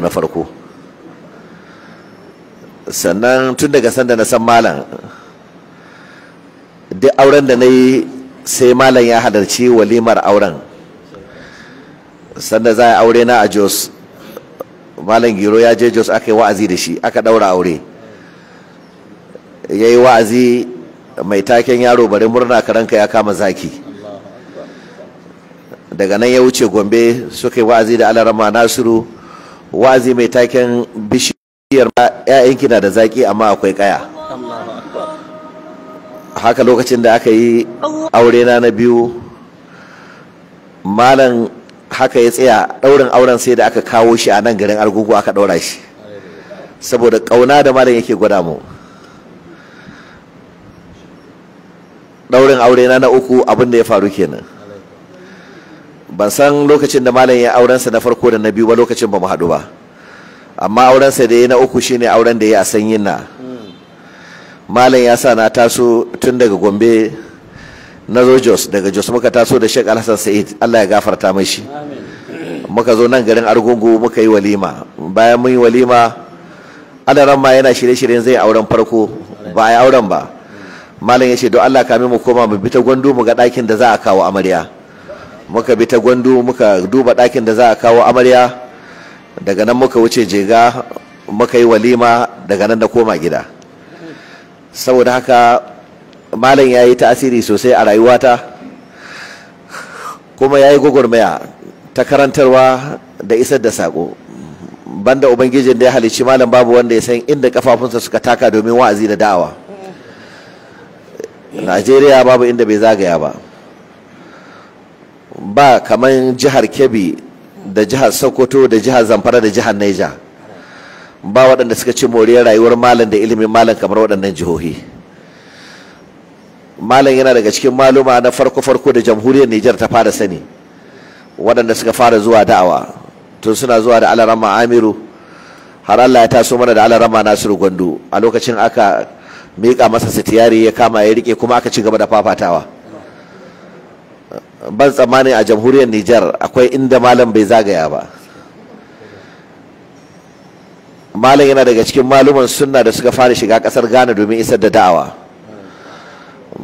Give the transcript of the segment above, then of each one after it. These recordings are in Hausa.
na farko sannan tun daga sanda na san malam duk auren da na yi sai malam ya halarci walimar auren sanda za a aure na a jos malam giro ya je jos aka yi wa'azi da shi aka daura aure ya yi wa'azi mai taken yaro bari murna karanka ya kama zaki daga nan ya wuce gombe suka yi wa'azi da alarama nasiru wa'azi mai taken bishiyar ‘ya’yan na da zaƙi amma akwai ƙaya haka lokacin da aka yi aure na na biyu malam haka ya tsaya ɗaurin auren sai da aka kawo shi a nan garin argungu aka ɗaura shi saboda ƙauna da malam yake gwada mu ɗaurin aure na na uku abin da ya faru kenan ban san lokacin da malam ya aurensa na farko da na biyu ba lokacin ba mu haɗu ba amma aurensa da ya na uku shine auren da ya a sanyin na malam ya sa na taso tun daga gombe na zo jos daga jos muka taso da shek alhassan sa'id allah ya gafarta mai shi muka zo nan garin argungu muka yi walima bayan mun yi walima adaran ma yana shirye-shiryen zai auren farko ba a auren ba malam ya ce don allah kame mu koma mu bi ta gwandu mu ga ɗakin da za a kawo amarya muka bi ta gwandu muka duba ɗakin da za a kawo amarya daga nan muka wuce jega muka yi walima daga nan da koma gida saboda haka malam ya yi tasiri sosai a rayuwata kuma ya yi gwagwarmaya ta karantarwa da isar da saƙo banda ubangijin da ya halicci malam babu wanda ya san inda kafafunsa suka taka domin wa'azi da da'awa najeriya babu inda bai zagaya ba ba kamar jihar kebbi da jihar sokoto da jihar zamfara da jihar naija ba waɗanda suka ci moriyar rayuwar malam da ilimin malam kamar waɗannan jihohi malam yana daga cikin maluma na farko-farko da jamhuriyar nijar ta fara sani waɗanda suka fara zuwa da'awa tun suna zuwa da alarama amiru har allah ya taso mana da alarama nasiru gwandu a lokacin aka miƙa masa sitiyari ya kama ya riƙe kuma aka ci gaba da fafatawa ban tsammani a jamhuriyar Nijar akwai inda malam bai zagaya ba malam yana daga cikin maluman sunna da suka fara shiga kasar Ghana domin isar da da'awa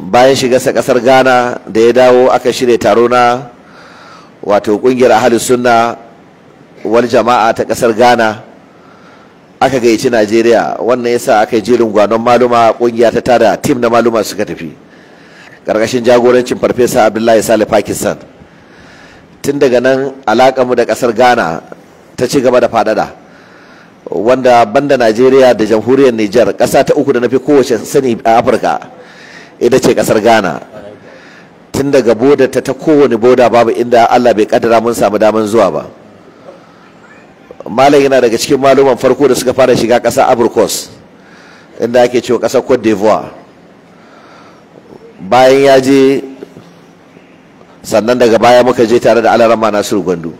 bayan shigarsa kasar Ghana da ya dawo aka shirya taro na wato kungiyar ahli sunna wal jama'a ta kasar Ghana aka gayyaci Najeriya wannan yasa aka yi jerin gwanon maluma kungiya ta tada tim na maluma suka tafi ƙarƙashin jagorancin farfesa abdullahi sale pakistan tun daga nan alaƙarmu da ƙasar ghana ta ci gaba da faɗaɗa wanda banda najeriya da jamhuriyar niger ƙasa ta uku da na fi kowace sani a afirka ita ce ƙasar ghana tun daga boda ta ta kowane boda babu inda allah bai kaddara mun samu daman zuwa ba malam yana daga cikin maluman farko da suka fara shiga ƙasa abrikos inda ake cewa ƙasar cote d'ivoire bayan ya je sannan daga baya muka je tare da alarama nasiru gwandu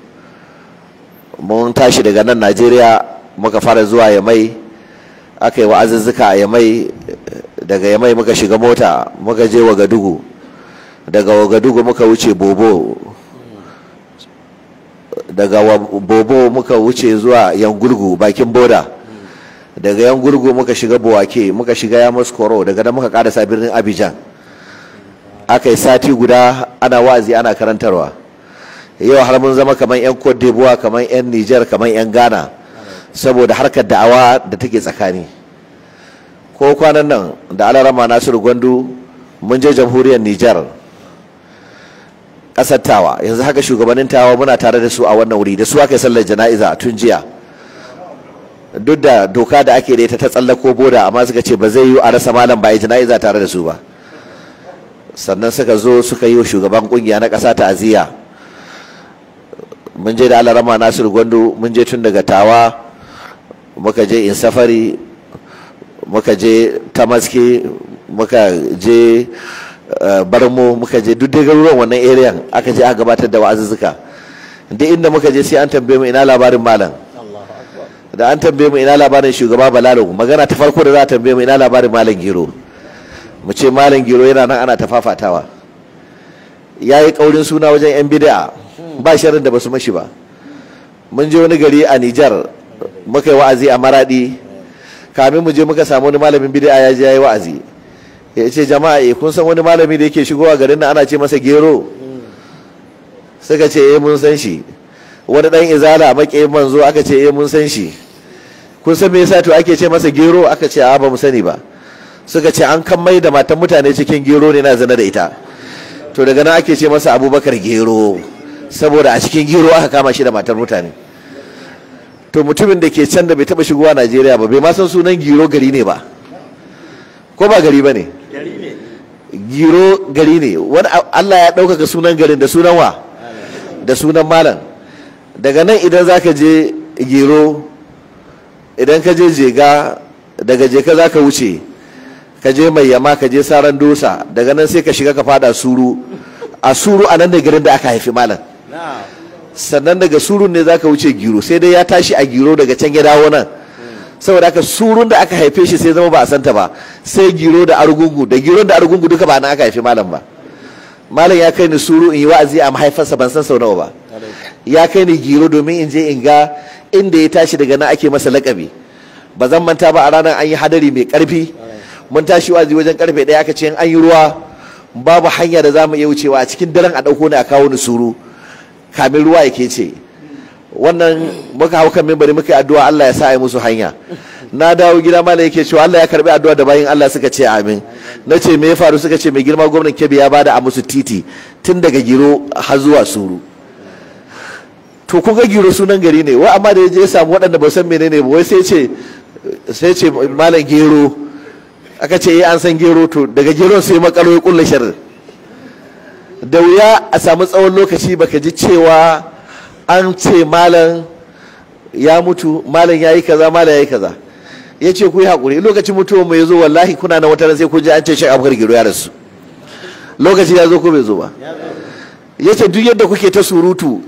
mun tashi daga nan najeriya muka fara zuwa yamai aka yi wa'azuzzuka a yamai daga yamai muka shiga mota muka je wagadugu daga wagadugu muka wuce bobo daga bobo muka wuce zuwa yangulgu bakin boda daga yangulgu muka shiga buwake muka shiga Koro daga nan muka karasa birnin abidjan aka yi sati guda ana wa'azi ana karantarwa yau har mun zama kamar 'yan cote d'ivoire kamar 'yan niger kamar 'yan ghana saboda harkar da'awa da take tsakani ko kwanan nan da alarama nasiru gwandu mun je jamhuriyar nijar ƙasar tawa yanzu haka shugabannin tawa muna tare da su a wannan wuri da su aka yi sallar jana'iza tun jiya duk da doka da ake da ita ta tsallako boda amma suka ce ba zai yi a rasa malam ba yi jana'iza tare da su ba sannan suka zo suka yi wa shugaban kungiya na ƙasa ta'aziyya mun je da alarama nasir gwandu mun je tun daga tawa muka je in safari muka je tamaske muka je eh, barmo muka je duk dai garuruwan wannan area aka je aka gabatar da wa'azuzzuka duk inda muka je sai an tambaye mu ina labarin malam da an tambaye mu ina labarin shugaba balalo magana ta farko da za a tambaye mu ina labarin malam gero mu ce malam giro yana nan ana tafafatawa ya yi ƙaurin suna wajen 'yan bid'a ba sharin da ba su mashi ba mun je wani gari a nijar muka yi wa'azi a maraɗi kamin mu je muka samu wani malamin bid'a ya je ya yi wa'azi ya ce jama'a eh kun san wani malami da yake shigowa garin nan ana ce masa gero suka ce eh mun san shi wani dan izala maƙe manzo aka ce eh mun san shi kun san me yasa to ake ce masa gero aka ce a ba mu sani ba suka ce an kan mai da matan mutane cikin gero ne na zana da ita to daga nan ake ce masa abubakar gero saboda a cikin gero aka kama shi da matar mutane to mutumin da ke can da bai taba shigowa najeriya ba bai ma san sunan gero gari ne ba ko ba gari ba ne gero gari ne wani allah ya ɗaukaka sunan garin da sunan wa da sunan malam daga nan idan za ka je gero idan ka je jega daga jeka za ka wuce ka je mai yama ka je saran dosa daga nan sai ka shiga ka fada suru a suru a nan ne garin da aka haifi malam sannan daga surun ne zaka wuce giro sai dai ya tashi a giro daga can ya dawo nan saboda haka surun da aka haife shi sai zama ba a santa ba sai giro da argungu da giro da argungu duka ba na aka haifi malam ba malam ya kai ni suru in yi wa'azi a mahaifarsa ban san sau nawa ba ya kai ni giro domin in je in ga inda ya tashi daga nan ake masa lakabi ba zan manta ba a ranar an yi hadari mai karfi mun tashi wazi wajen karfe ɗaya aka ce in an yi ruwa babu hanya da za mu iya wucewa a cikin daren a ɗauko ne a kawo ni suru kamin ruwa yake ce wannan muka hau kan mimbari muka yi addu'a Allah ya sa a yi musu hanya na dawo gida malam yake cewa Allah ya karbi addu'a da bayin Allah suka ce amin na ce me ya faru suka ce mai girma gwamnan Kebbi ya bada a musu titi tun daga giro har zuwa suru to kun ga giro sunan gari ne wai amma da ya je ya samu waɗanda ba san menene ba wai sai ce malam gero aka ce yi eh, an san gero to daga gero sai makalo ya kulla shirin da wuya a samu tsawon lokaci baka ji cewa an ce malam ya mutu malam ya yi kaza malam ya yi kaza ya ce ku yi haƙuri lokacin mutuwa mu ya zo wallahi kuna na wata sai ku ji an ce shan abu gero ya rasu lokaci ya zo ko bai zo ba ya ce duk yadda kuke ta surutu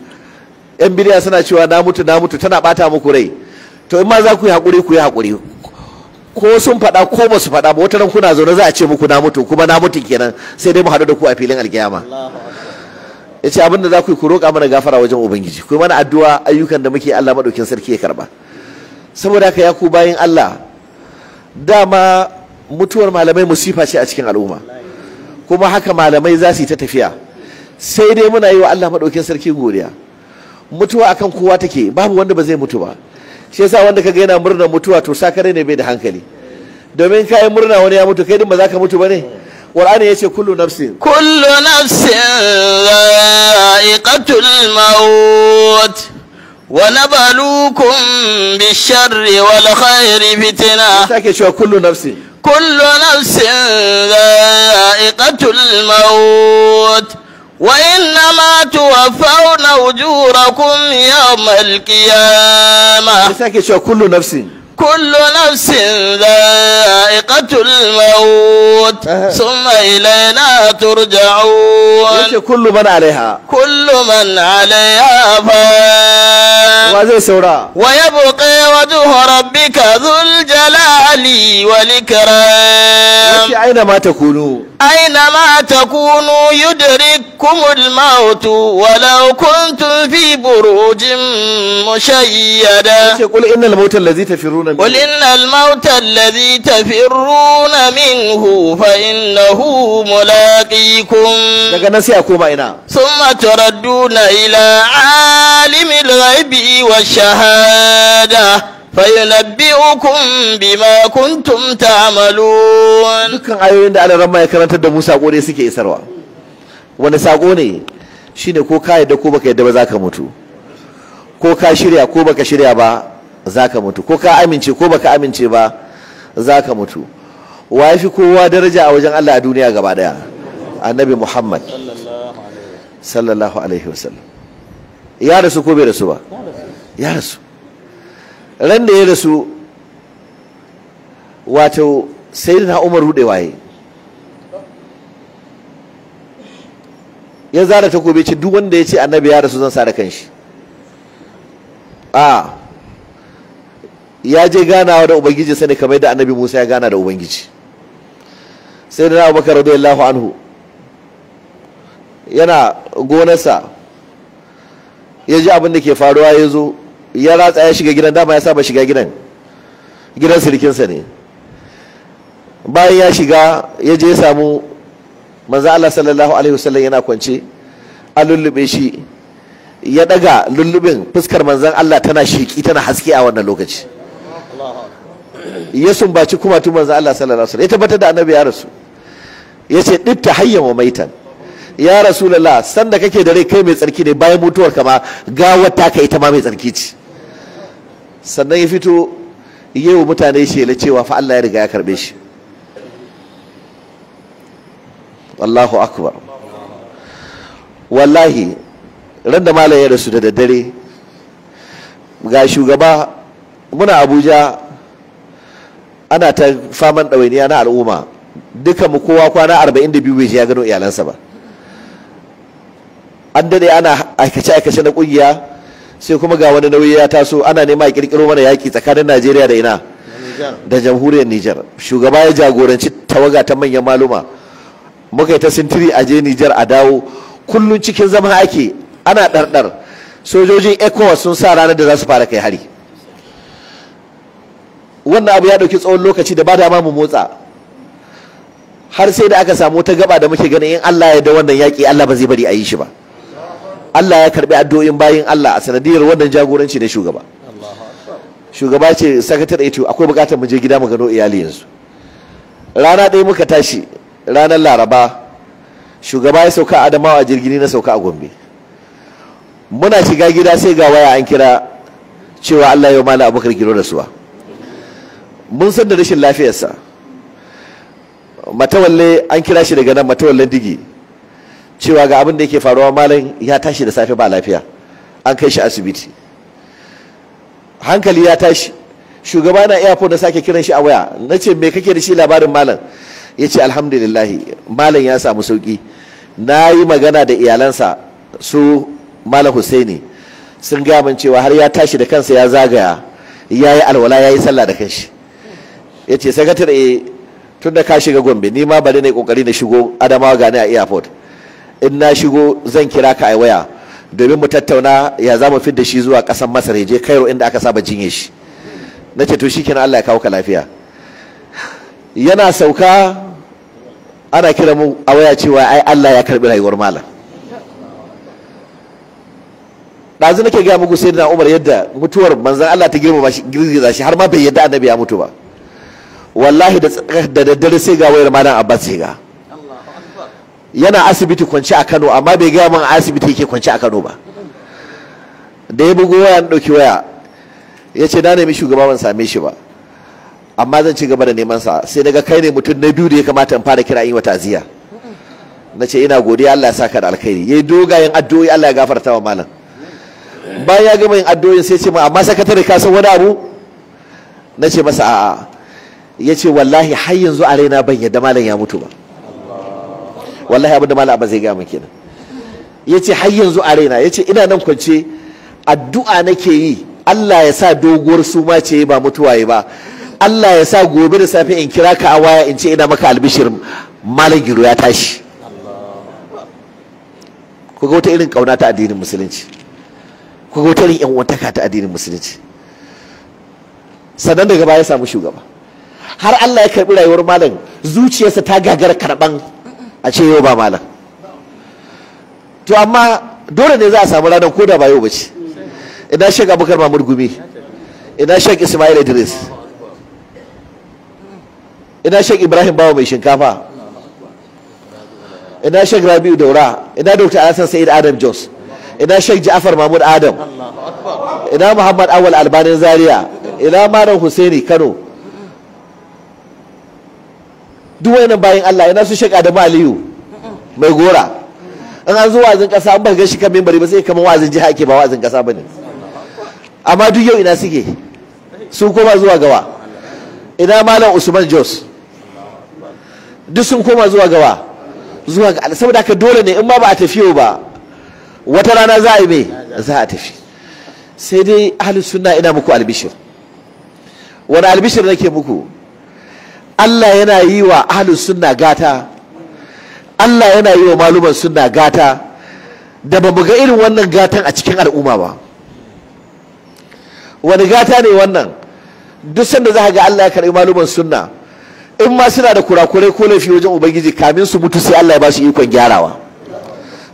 yan bidiya suna cewa na mutu na mutu tana bata muku rai to in ma za ku yi haƙuri ku yi haƙuri ko sun faɗa ko ba su faɗa ba wata ran kuna zaune za a ce muku na mutu kuma na mutu kenan sai dai mu haɗu da ku a filin alkiyama ya ce abinda za ku yi ku roƙa mana gafara wajen ubangiji ku yi mana addu'a ayyukan da muke Allah maɗaukin sarki ya karba saboda haka ya ku bayan Allah dama mutuwar malamai musifa ce a cikin al'umma kuma haka malamai za su yi ta tafiya sai dai muna yi wa Allah maɗaukin sarki godiya mutuwa akan kowa take babu wanda ba zai mutu ba shi yasa wanda kaga yana murnar mutuwa to sakare ne bai da hankali domin kai murna wani ya mutu kai din ba za ka mutu bane qur'ani yace kullu nafsin kullu nafsin dha'iqatul maut wa nabluukum bish wal khairi fitna sake cewa kullu nafsin kullu nafsin maut وإنما توفون أجوركم يوم القيامة كل نفس كل نفس ذائقة الموت أه. ثم إلينا ترجعون كل من عليها كل من عليها فان ويبقى وجه wajhu rabbika dhul jalali wal ikram yake aina ma takunu aina ma takunu yudrikukumul maut walau kuntum fi burujin mushayyada yake kul innal maut allazi tafiruna kul innal maut allazi tafiruna minhu fa innahu mulaqikum daga nan sai akoma ina summa turadduna ila alimil ghaibi wash shahada fayunabbi'ukum bima kuntum ta'malun dukkan ayoyin da Allah ramma ya karantar da mu sako ne suke isarwa wani sako ne shine ko ka yadda ko baka yadda ba zaka mutu ko ka shirya ko baka shirya ba zaka mutu ko ka amince ko baka amince ba zaka mutu wa fi kowa daraja a wajen Allah a duniya gaba daya annabi Muhammad sallallahu alaihi wasallam ya rasu ko bai rasu ba ya rasu ran da ya rasu wato sai na Umar hude waye ya zara takobi ce duk wanda ya ce annabi ya rasu zan sare kanshi a ya je ganawa da ubangiji sani kamar da annabi Musa ya gana da ubangiji sai da Abubakar radiyallahu anhu yana gonarsa ya ji abin da ke faruwa ya zo ya ratsa ya shiga gidan dama ya saba shiga gidan gidan sirikinsa ne bayan ya shiga ya je samu manzo Allah sallallahu alaihi wasallam yana kwance a lullube shi ya daga lullubin fuskar manzan Allah tana shiki tana haske a wannan lokaci ya sumbaci kuma tu manzan Allah sallallahu alaihi wasallam ya tabbatar da annabi ya rasu ya ce ditta hayyan wa maitan ya rasulullah sanda kake da rai kai mai tsarki ne bayan mutuwar kama gawar ta ka ita ma mai tsarki ce sannan ya fito yi wa mutane shela cewa fa Allah ya riga ya karbe shi Allahu akbar wallahi ran da malam ya rasu da daddare ga shugaba muna Abuja ana ta faman ɗawainiya na al'umma duka mu kowa kwana 42 bai ya gano iyalansa ba an dade ana aikace-aikace na ƙungiya. sai kuma ga wani nauyi ya taso ana nema a kirkiro mana yaki tsakanin Najeriya da ina da jamhuriyar Nijar shugaba ya jagoranci tawaga ta manyan maluma muka yi ta sintiri a je Nijar a dawo kullum cikin zama ake ana ɗarɗar sojojin ECOWAS sun sa ranar da za su fara kai hari wannan abu ya ɗauki tsawon lokaci da ba dama mu motsa har sai da aka samu ta gaba da muke ganin in Allah ya da wannan yaƙi Allah ba zai bari a yi shi ba Allah ya karbi addu'o'in bayin Allah a sanadiyar wannan jagoranci na shugaba shugaba ce sakatare ito akwai bukatar mu je gida mu gano iyali yanzu rana ɗaya muka tashi ranar laraba shugaba ya sauka adamawa a jirgini na sauka a gombe muna shiga gida sai ga waya an kira cewa Allah ya mala abubakar giro da suwa mun san da rashin lafiyarsa matawalle an kira shi daga nan matawallen digi cewa ga abin da yake faruwa malam ya tashi da safe ba lafiya an kai shi asibiti hankali ya tashi shugaba na airport na sake kiran shi a waya na ce me kake da shi labarin malam ya ce alhamdulillahi malam ya samu sauki na yi magana da iyalansa su malam husaini sun min cewa har ya tashi da kansa ya zagaya ya yi alwala ya yi sallah da kanshi ya ce sakatar tun da ka shiga gombe ni ma bari na yi kokari na shigo adamawa gane a airport in na shigo zan kira ka a waya domin mu tattauna ya za mu fi da shi zuwa ƙasar masar ya je kairo inda aka saba jinye shi na ce to shi kenan allah ya kawo ka lafiya yana sauka ana kira mu a waya cewa ai allah ya karbi rayuwar malam ɗazu nake gaya muku sai umar yadda mutuwar manzan allah ta girmama shi girgiza shi har ma bai yadda annabi ya mutu ba wallahi da daddare sai ga wayar malam abbas sai ga yana asibiti kwanci a Kano amma bai gaya min asibiti yake kwanci a Kano ba da ya bugu waya ɗauki waya ya ce na nemi shugaba ban same shi ba amma zan ci gaba da neman sa sai daga kai ne mutum na biyu da ya kamata in fara kira in wa taziya na ce ina godiya Allah ya saka da alkhairi yayi dogayen addu'o'i Allah ya gafarta wa malam bayan ya gama yin addu'o'in sai ce mu amma sakatare ka san wani abu na ce masa a'a ya ce wallahi har yanzu a raina ban yadda malam ya mutu ba wallahi abin da malam ba zai ga min kenan yace har yanzu a raina yace ina nan kwance addu'a nake yi Allah ya sa doguwar suma ce ba mutuwaye ba Allah ya sa gobe da safe in kira ka a waya in ce ina maka albishir malam giro ya tashi ku ga wata irin kauna ta addinin musulunci ku ga wata irin yan uwantaka ta addinin musulunci sannan daga baya ya samu shugaba har Allah ya karbi rayuwar malam zuciyarsa ta gagara karban a ce yau ba malam to amma dole ne za a samu ranar koda ba yau ba ce ina shek abubakar mahmud gumi ina shek ismail idris ina shek ibrahim bawa mai shinkafa ina shek rabiu daura ina dr alhassan sa'id adam jos ina shek ja'afar mahmud adam ina muhammad awal albanin zaria ina malam husaini kano duk wani bayan Allah yana su shaka da maliyu mai gora in an zo wazin kasa an ba shi kan membari ba sai kamar wazin jiha ke ba wazin kasa bane amma duk yau ina suke su koma zuwa gawa ina malam usman jos duk sun koma zuwa gawa zuwa ga saboda haka dole ne in ma ba a tafi ba wata rana za a yi mai za a tafi sai dai ahlus sunna ina muku albishir wani albishir nake muku Allah yana yi wa ahlus sunna gata Allah yana yi wa maluman sunna gata da ba mu ga irin wannan gatan a cikin al'umma ba wani gata ne wannan duk sanda za ga Allah ya karɓi maluman sunna in ma suna da kurakurai ko laifi wajen ubangiji kamin su mutu sai Allah ya ba su ikon gyarawa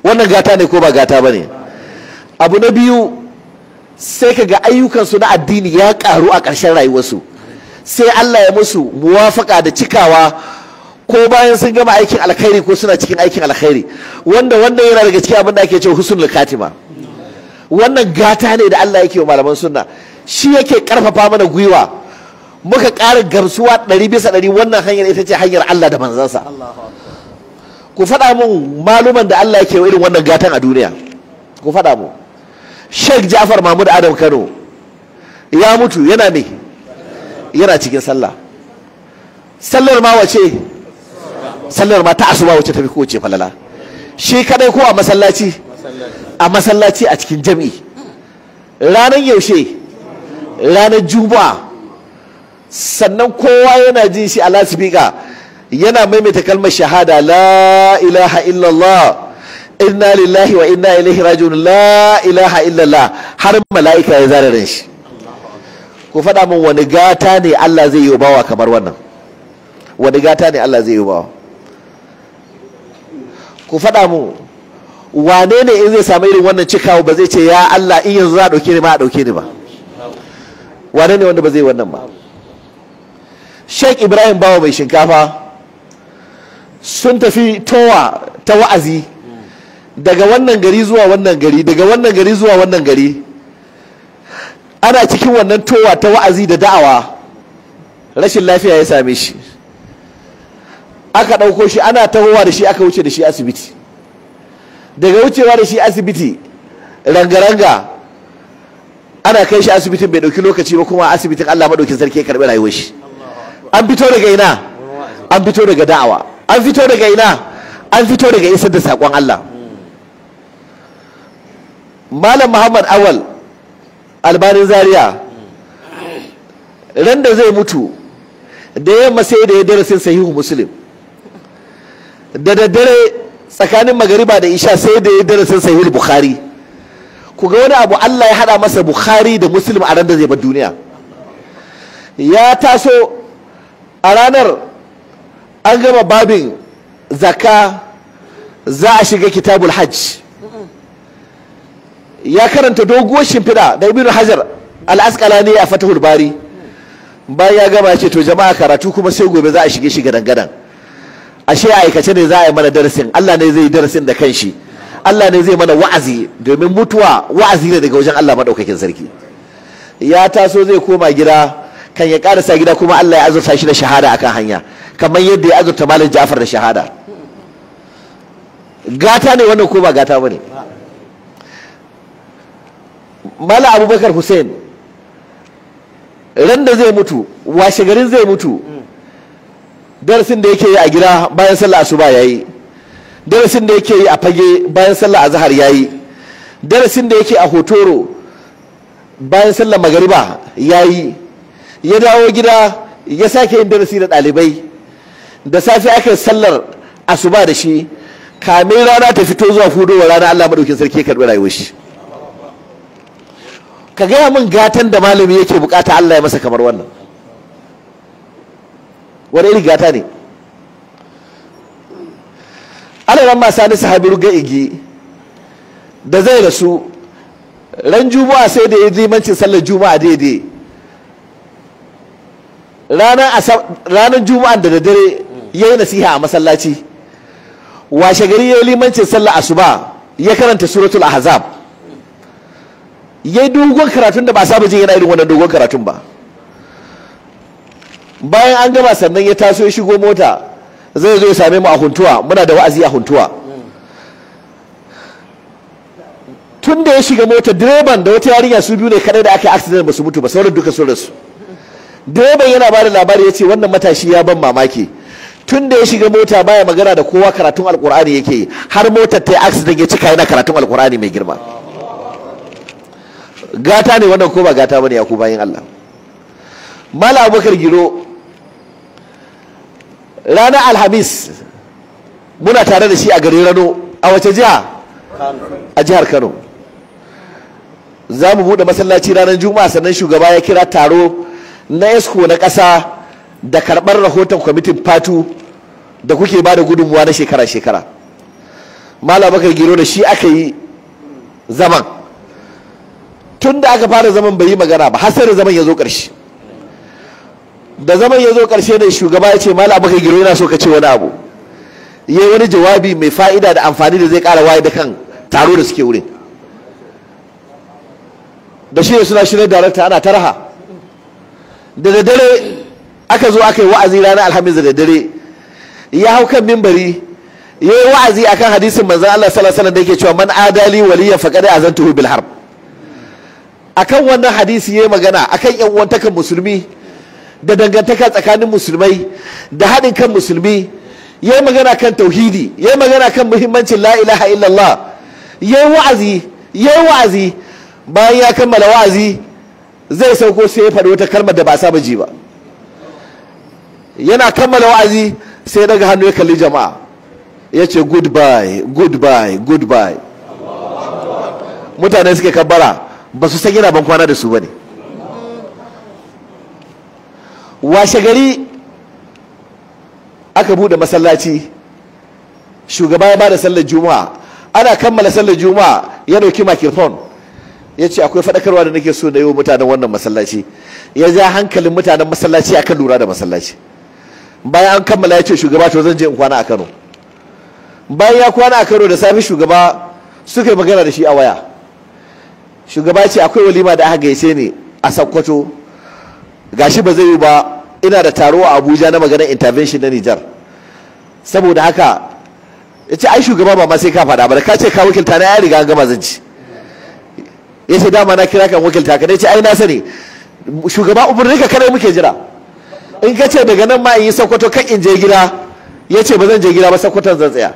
wannan gata ne ko ba gata ba ne abu na biyu sai ka ga ayyukansu na addini ya karu a ƙarshen rayuwarsu sai Allah ya musu muwafaka da cikawa ko bayan sun gama aikin alkhairi ko suna cikin aikin alkhairi wanda wanda yana daga cikin abin da ake cewa husnul katima wannan gata ne da Allah yake wa malaman sunna shi yake karfafa mana gwiwa muka ƙara gamsuwa ɗari bisa ɗari wannan hanyar ita ce hanyar Allah da manzansa ku faɗa mun maluman da Allah yake wa irin wannan gatan a duniya ku faɗa mu Sheikh Ja'far Mahmud Adam Kano ya mutu yana ne yana cikin sallah sallar ma wace sallar ma ta asuba wace kowace falala shi kadai ko a masallaci a masallaci a cikin jam'i ranar yaushe ranar juma'a sannan kowa yana jin shi a lasifika yana maimaita kalmar shahada la ilaha illallah inna lillahi wa inna ilaihi rajiun la ilaha illallah har mala'ika ya zara shi ku faɗa min wani gata ne Allah zai yi bawa kamar wannan wani gata ne Allah zai yi bawa ku faɗa min wane ne in zai samu irin wannan cikawa ba zai ce ya Allah in yanzu za a ɗauke ni ma a ɗauke ni ba wane ne wanda ba zai wannan ba Sheikh Ibrahim Bawa mai shinkafa sun tafi towa ta wa'azi daga wannan gari zuwa wannan gari daga wannan gari zuwa wannan gari ana cikin wannan towa ta wa'azi da da'awa rashin lafiya ya same shi aka ɗauko shi ana tahowa da shi aka wuce da shi asibiti daga wucewa da shi asibiti ranga-ranga ana kai shi asibitin bai ɗauki lokaci ba kuma asibitin allah maɗaukin sarki ya karɓi rayuwar shi an fito daga ina an fito daga da'awa an fito daga ina an fito daga isar da saƙon allah malam muhammad awal albanin zaria randa zai mutu da yamma sai da ya darasin sahihu muslim da daddare tsakanin magariba da isha sai da ya darasin sahihu bukhari ku ga wani abu allah ya hada masa bukhari da muslim a ran da zai bar duniya ya taso a ranar an gama babin zaka za a shiga kitabul hajj ya karanta doguwar shimfiɗa da ibn hajar al ne a fatahul bari bayan ya gama ce to jama'a karatu kuma sai gobe za a shige shi gadan gadan ashe aikace ne za a yi mana darasin Allah ne zai yi darasin da kanshi Allah ne zai mana wa'azi domin mutuwa wa'azi ne daga wajen Allah madaukakin sarki ya taso zai koma gida kan ya karasa gida kuma Allah ya azurta shi da shahada akan hanya kamar yadda ya azurta malam Ja'far da shahada gata ne wannan ko ba gata bane mala abubakar hussein randa zai mutu washe garin zai mutu darasin da yake yi a gida bayan sallah asuba yayi darasin da yake yi a fage bayan sallah azhar yayi darasin da yake a hotoro bayan sallah magariba yayi ya dawo gida ya sake yin darasi da ɗalibai da safe aka sallar asuba da shi kamin rana ta fito zuwa fudowa rana Allah madaukin sarki ya karbi rayuwar shi ka gaya min gatan da malami yake bukata Allah ya masa kamar wannan wani iri gata ne alaran masu hannun sahabi ruga igi da zai rasu ran juma'a sai da ya zimancin sallar juma'a daidai ranar juma'a da daddare ya yi nasiha a masallaci washe gari ya yi limancin sallar asuba ya karanta suratul ahzab yi dogon karatun da ba saba jin yana irin wannan dogon karatun ba bayan an gama sannan ya taso ya shigo mota zai zo ya same mu a huntuwa muna da wa'azi a huntuwa tun da ya shiga mota direban da wata yarinya su biyu ne kadai da aka yi accident ba su mutu ba sauran duka sun rasu direban yana ba da labari ya ce wannan matashi ya ban mamaki tun da ya shiga mota baya magana da kowa karatun alkur'ani yake har motar ta yi accident ya cika yana karatun alkur'ani mai girma gata ne wannan ko ba gata bane ya ku bayin Allah mala abubakar giro ranar alhamis muna tare da shi a garin rano a wace jiha a jihar kano za mu buɗe masallaci ranar juma'a sannan shugaba ya kira taro na esko na ƙasa da karɓar rahoton kwamitin fatu da kuke ba da gudunmuwa na shekara-shekara mala bakar giro da shi aka yi zaman tun da aka fara zaman bai yi magana ba har sai da zaman ya zo ƙarshe da zaman ya zo ƙarshe ne shugaba ya ce mala abokan giro yana so ka ce wani abu ya yi wani jawabi mai fa'ida da amfani da zai ƙara waye da kan taro da suke wurin da shi ne suna shirin darakta ana ta raha da daddare aka zo aka yi wa'azi ranar alhamis da daddare ya hau kan mimbari ya yi wa'azi akan hadisin manzan allah sallallahu alaihi wasallam da yake cewa man adali waliyan faqad azantuhu bil harb akan wannan hadisi ya magana akan yan uwantakan musulmi da dangantaka tsakanin musulmai da haɗin kan musulmi ya magana kan tauhidi ya magana kan muhimmancin la ilaha illallah ya wa'azi ya wa'azi bayan ya kammala wa'azi zai sauko sai ya faɗi wata kalmar da ba a saba ji ba yana kammala wa'azi sai ya daga hannu ya kalli jama'a ya ce goodbye goodbye goodbye mutane suke kabbara ba su san yana ban kwana da su ba ne washe gari aka bude masallaci shugaba ya ba da sallar juma'a ana kammala sallar juma'a ya dauki makirfon ya ce akwai faɗakarwa da nake so na yi wa mutanen wannan masallaci ya ja hankalin mutanen masallaci a kan lura da masallaci bayan an kammala ya ce shugaba to zan je in kwana a kano bayan ya kwana a kano da safe shugaba suka yi magana da shi a waya shugaba ce akwai walima da aka gaishe ni a sakkwato gashi ba zai yi ba ina da taro a abuja na maganar intervention na nijar saboda haka ya ce ai shugaba ba ma sai ka faɗa ba da ka ce ka wakilta na ya riga gama zanci ya ce dama na kira kan wakilta ka dai ce ai na sani shugaba umarni ka kare muke jira in ka ce daga nan ma in yi sakkwato kan in je gida ya ce ba zan je gida ba sakkwaton zan tsaya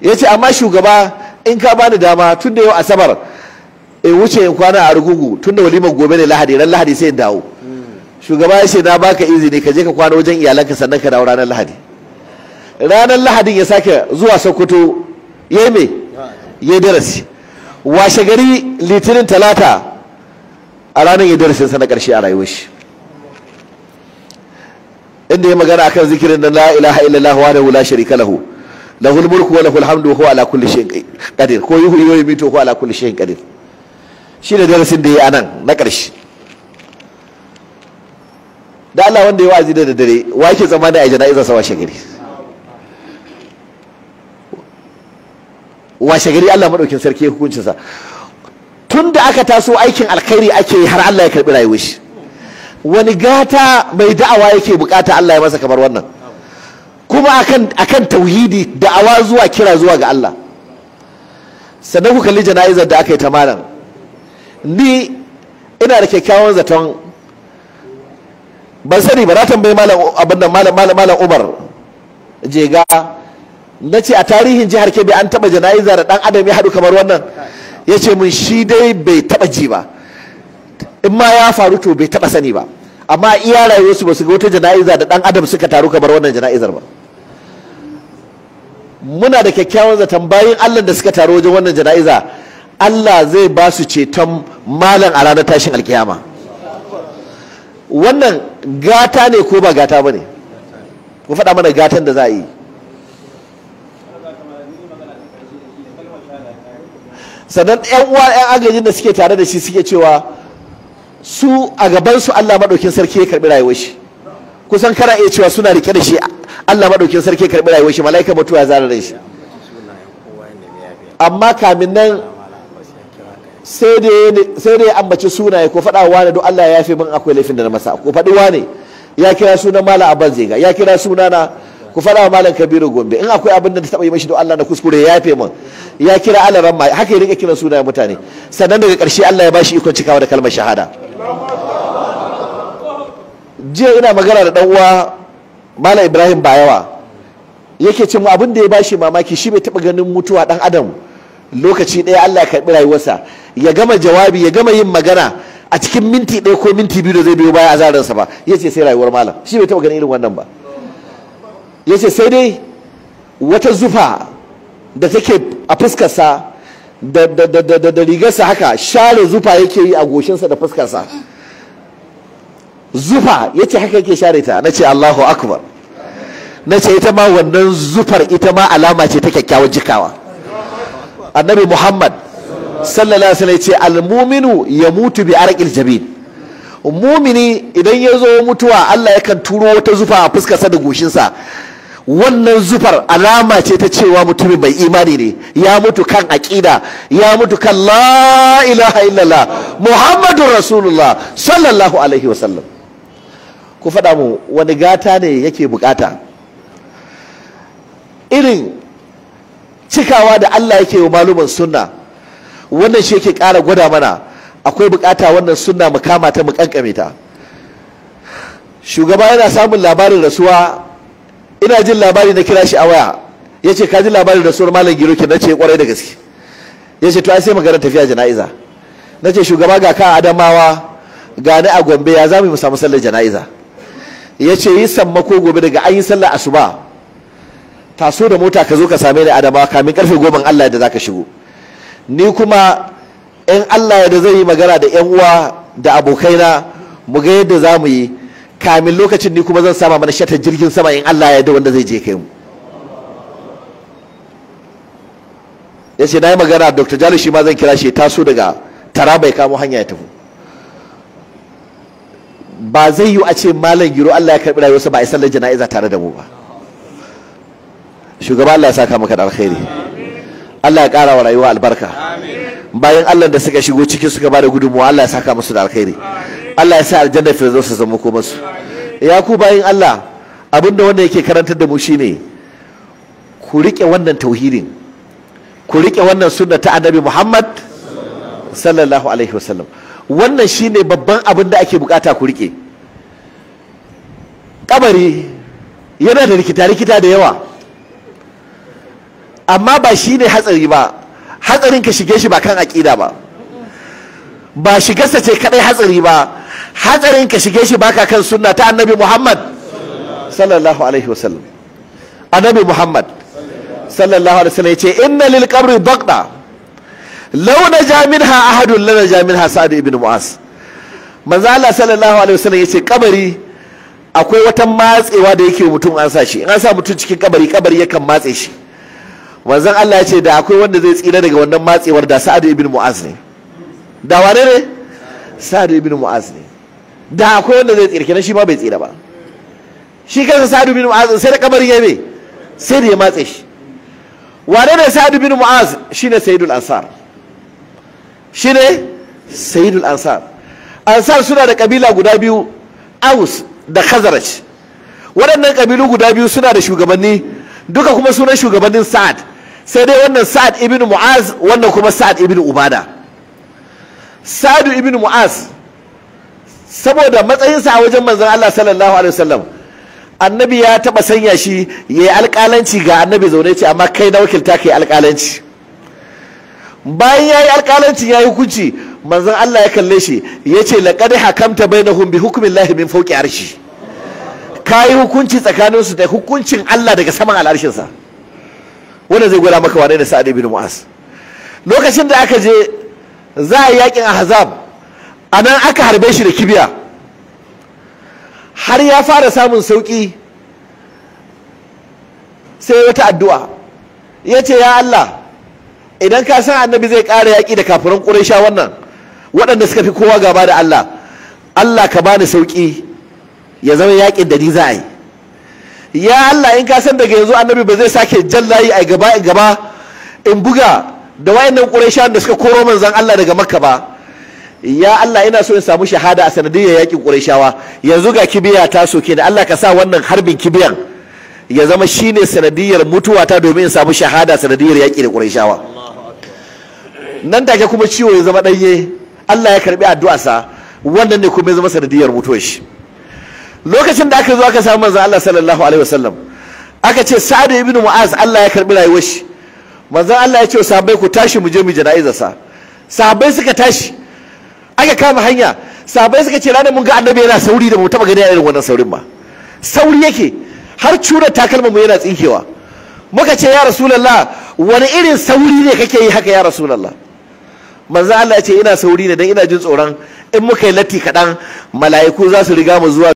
ya ce amma shugaba in ka bani dama tun da yau asabar in wuce in kwana a rugugu tun da walimar gobe ne lahadi ran lahadi sai in dawo shugaba ya ce na baka izini ka je ka kwana wajen iyalanka sannan ka dawo ranar lahadi ranar lahadin ya sake zuwa sokoto ya me ya darasi washe gari litinin talata a ranar ya darasin sa na karshe a rayuwar shi inda ya magana akan zikirin da la ilaha illallah wa la sharika lahu lahul mulku wa lahul hamdu wa huwa ala kulli shay'in qadir ko yuhyi wa yumiitu wa huwa ala kulli shay'in qadir shi da darasin da ya anan na ƙarshe da Allah wanda ya wa'azi da dare wa yake tsammani a jana'izar sa washe gari washe gari Allah madaukin sarki hukuncin sa tun da aka taso aikin alkhairi ake yi har Allah ya karɓi rayuwar shi wani gata mai da'awa yake bukata Allah ya masa kamar wannan kuma akan akan tauhidi da'awa zuwa kira zuwa ga Allah sannan ku kalli jana'izar da aka yi ta malam ni ina da kyakkyawan zaton ban sani ba na tambayi malam umar jega na ce a tarihin jihar kebe an taba jana'iza da dan adam ya haɗu kamar wannan ya ce mun shi dai bai taba ji ba in ma ya faru to bai taba sani ba amma iya rayuwarsu ba su ga wata jana'iza da dan adam suka taru kamar wannan jana'izar ba muna da kyakkyawan zaton bayan allah da suka taru wajen wannan jana'iza Allah zai ba su ceton malam a ranar tashin alkiyama wannan gata ne ko ba gata ba ne ku faɗa mana gatan da za a yi sannan yan uwa yan agajin da suke tare da shi suke cewa su a gabansu Allah maɗaukin sarki ya karɓi rayuwar shi kusan kana iya cewa suna rike da shi Allah maɗaukin sarki ya karɓi rayuwar shi mala'ika mutuwa ya zara da shi amma kamin nan sai da ya ambaci sunaye ko faɗa wane don Allah ya fi min akwai laifin da na masa ko faɗi wane ya kira sunan malam abban zega ya kira sunana ku faɗa wa malam kabiru gombe in akwai abin da ta taɓa yi mashi don Allah na kuskure ya fi min ya kira Allah ramma haka ya rika kiran sunayen mutane sannan daga ƙarshe Allah ya bashi ikon cikawa da kalmar shahada jiya ina magana da dan uwa malam ibrahim bayawa yake ce mu abin da ya bashi mamaki shi bai taɓa ganin mutuwa dan adam lokaci ɗaya Allah ya karɓi rayuwarsa ya gama jawabi ya gama yin magana a cikin minti ɗaya ko minti biyu da zai biyo baya a ba ya ce sai rayuwar malam shi bai taɓa ganin irin wannan ba ya ce sai dai wata zufa da take a fuskarsa da rigarsa haka share zufa yake yi a goshinsa da fuskarsa zufa ya ce haka yake share ta na ce Allahu akbar na ce ita ma wannan zufar ita ma alama ce ta kyakkyawar jikawa annabi muhammad sallallahu alaihi wasallam ce almuminu ya mutu bi arqil jabin mumini idan ya zo mutuwa Allah yakan turo wata zufa a fuskarsa da goshinsa wannan zufar alama ce ta cewa mutumin bai imani ne ya mutu kan aƙida ya mutu kan la ilaha illallah muhammadu rasulullah sallallahu alaihi wasallam ku faɗa mu wani gata ne yake bukata irin cikawa da Allah yake wa maluman sunna wannan shi yake ƙara gwada mana akwai bukata wannan sunna mu kama ta mu kankame ta shugaba yana samun labarin rasuwa ina jin labari na kira shi a waya ya ce ka ji labarin rasuwar malam giro ke na kwarai da gaske ya ce to ai sai magana tafiya jana'iza na ce shugaba ga ka adamawa ni a gombe ya za mu samu sallar jana'iza ya ce yi sammako gobe daga an yi sallar asuba taso da mota ka zo ka same ni adamawa kamin karfe goma Allah da ka shigo ni kuma in Allah da zai yi magana da yan uwa da abokaina mu ga yadda za mu yi kamin lokacin ni kuma zan sama mana shatar jirgin sama in Allah ya da wanda zai je kai mu ya ce na yi magana dr jalo shi ma zan kira shi taso daga tara bai kamo hanya ya tafi ba zai yi a ce malam giro Allah ya karɓi rayuwarsa ba a yi sallar jana'iza tare da mu ba shugaba Allah ya saka maka da alkhairi Allah ya ƙara wa rayuwa albarka bayan Allah da suka shigo cikin suka bada gudunmuwa Allah ya saka musu da alkhairi Allah ya sa aljanna firdaus su zama ko musu ya ku bayan Allah abinda wanda yake karantar da mu shine ku rike wannan tauhidin ku rike wannan sunna ta annabi Muhammad sallallahu alaihi wasallam wannan shine babban abin da ake bukata ku rike kabari yana da rikita rikita da yawa amma ba shi ne hatsari ba hatsarin ka shige shi ba kan aƙida ba ba shigarsa ce kadai hatsari ba hatsarin ka shige shi baka kan sunna ta annabi muhammad sallallahu alaihi wasallam annabi muhammad sallallahu alaihi wasallam yace inna lil qabri daqda law naja minha ahadun la naja minha sa'd ibn mu'az manzo Allah sallallahu alaihi wasallam yace kabari akwai wata matsewa da yake mutum an sa shi in an sa mutum cikin kabari kabari yakan matse shi Wanzan Allah ya ce da akwai wanda zai tsira daga wannan matsewar da Sa'ad ibn Mu'az ne da wane ne Sa'ad ibn Mu'az ne da akwai wanda zai tsira kenan shi ma bai tsira ba shi kansa Sa'ad ibn Mu'az sai da kamar yabe sai da ya matse shi wane ne Sa'ad ibn Mu'az shine Sayyidul Ansar shine Sayyidul Ansar Ansar suna da kabila guda biyu Aus da Khazraj waɗannan kabilu guda biyu suna da shugabanni duka kuma sunan shugabannin Sa'ad sai dai wannan sa'ad ibn mu'az wannan kuma sa'ad ibn ubada sa'ad ibn mu'az saboda matsayinsa a wajen manzon Allah sallallahu alaihi wasallam annabi ya taba sanya shi yayi alƙalanci ga annabi zaune ce amma kai na wakilta kai alƙalanci bayan yayi ya yayi hukunci manzon Allah ya kalle shi yace laqad hakamta bainahum bi hukmillahi min fawqi arshi kayi hukunci tsakaninsu da hukuncin Allah daga saman al'arshinsa wanda zai gwada maka wane da sa'ad ibn mu'az lokacin da aka je za a yakin ahzab a nan aka harbe shi da kibiya har ya fara samun sauki sai wata addu'a ya ce ya Allah idan ka san annabi zai ƙara yaƙi da kafiran ƙuraisha wannan waɗanda suka fi kowa gaba da Allah Allah ka bani sauƙi ya zama yaƙin da ni za a yi ya Allah in ka san daga yanzu annabi ba zai sake jallayi a gaba in gaba in buga da wayannan quraishan da suka koro manzon Allah daga makka ba ya Allah ina so in samu shahada a sanadiyar yakin qurayshawa yanzu ga kibiya ta soke da Allah ka sa wannan harbin kibiyan ya zama shine sanadiyar mutuwa ta domin in samu shahada sanadiyar yaki da qurayshawa nan take kuma ciwo ya zama danye Allah ya karbi addu'arsa wannan ne kuma ya zama sanadiyar mutuwar shi lokacin da aka zo aka samu manzon Allah sallallahu alaihi wasallam aka ce Sa'ad ibn Mu'az Allah ya karbi rayuwar shi manzon Allah ya ce sahabbai ku tashi mu je mu jana'izar sa sahabbai suka tashi aka kama hanya sahabbai suka ce ranar mun ga annabi yana sauri da mu taba gani irin wannan saurin ba sauri yake har cura takalma mu yana tsinkewa muka ce ya rasulullah wani irin sauri ne kake yi haka ya rasulullah manzo Allah ya ce ina sauri ne dan ina jin tsoron in muka yi latti kaɗan mala'iku za su riga mu zuwa